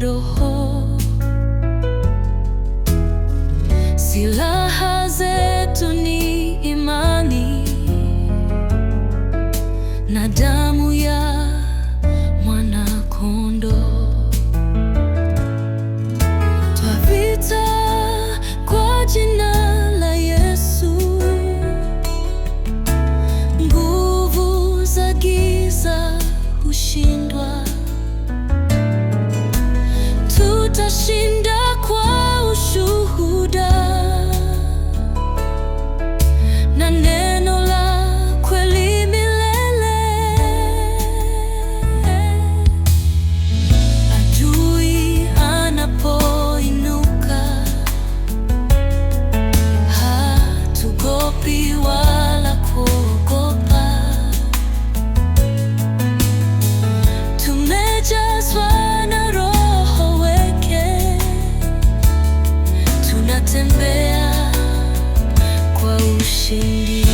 kiroho. Silaha zetu ni imani na damu ya Mwanakondoo. kwa jina la Yesu, nguvu za giza hushindwa. 心底。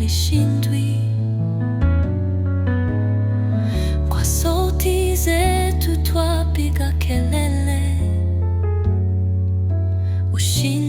alishindwi kwa sauti zetu twapiga kelele ushindwi